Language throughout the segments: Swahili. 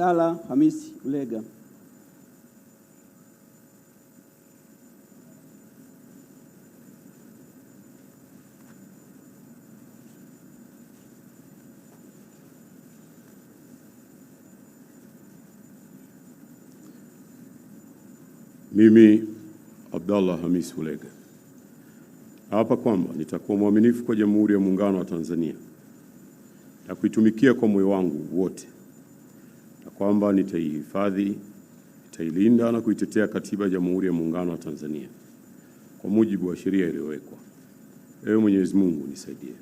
Abdalla Hamisi Ulega. Mimi Abdallah Hamis Ulega hapa kwamba nitakuwa mwaminifu kwa Jamhuri ya Muungano wa Tanzania na kuitumikia kwa moyo wangu wote kwamba nitaihifadhi, nitailinda na kuitetea Katiba ya Jamhuri ya Muungano wa Tanzania kwa mujibu wa sheria iliyowekwa. Ewe Mwenyezi Mungu nisaidie.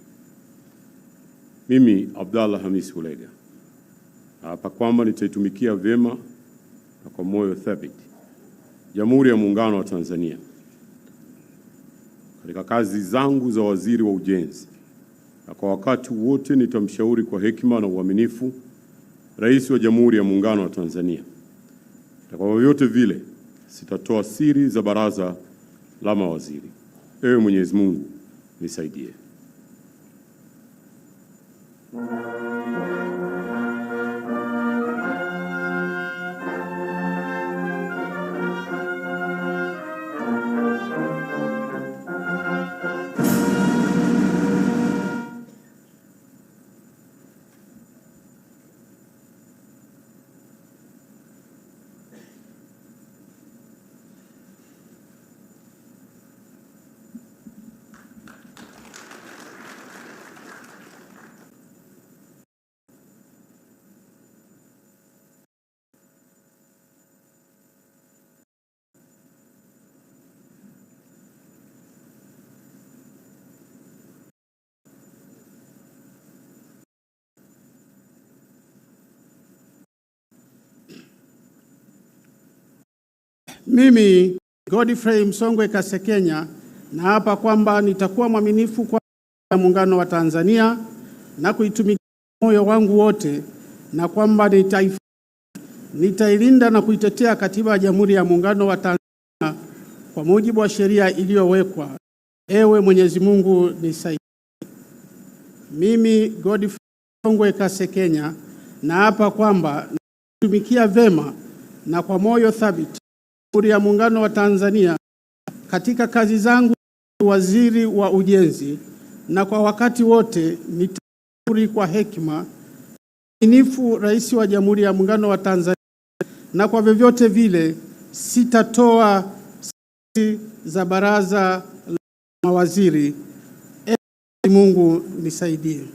Mimi Abdallah Hamis Ulega naapa kwamba nitaitumikia vyema na kwa moyo thabiti Jamhuri ya Muungano wa Tanzania katika kazi zangu za waziri wa ujenzi, na kwa wakati wote nitamshauri kwa hekima na uaminifu Rais wa Jamhuri ya Muungano wa Tanzania, na kwa vyovyote vile sitatoa siri za baraza la mawaziri. Ewe Mwenyezi Mungu nisaidie. Mimi Godfrey Msongwe Kasekenya naapa kwamba nitakuwa mwaminifu kwa Muungano wa Tanzania na kuitumikia moyo wangu wote, na kwamba nitailinda na kuitetea Katiba ya Jamhuri ya Muungano wa Tanzania kwa mujibu wa sheria iliyowekwa. Ewe Mwenyezi Mungu nisaidie. Mimi Godfrey Msongwe Kasekenya naapa kwamba nitumikia vema na kwa moyo thabiti Jamhuri ya Muungano wa Tanzania katika kazi zangu waziri wa ujenzi, na kwa wakati wote nitashauri kwa hekima inifu Rais wa Jamhuri ya Muungano wa Tanzania, na kwa vyovyote vile sitatoa siri za baraza la mawaziri. Ee Mungu nisaidie.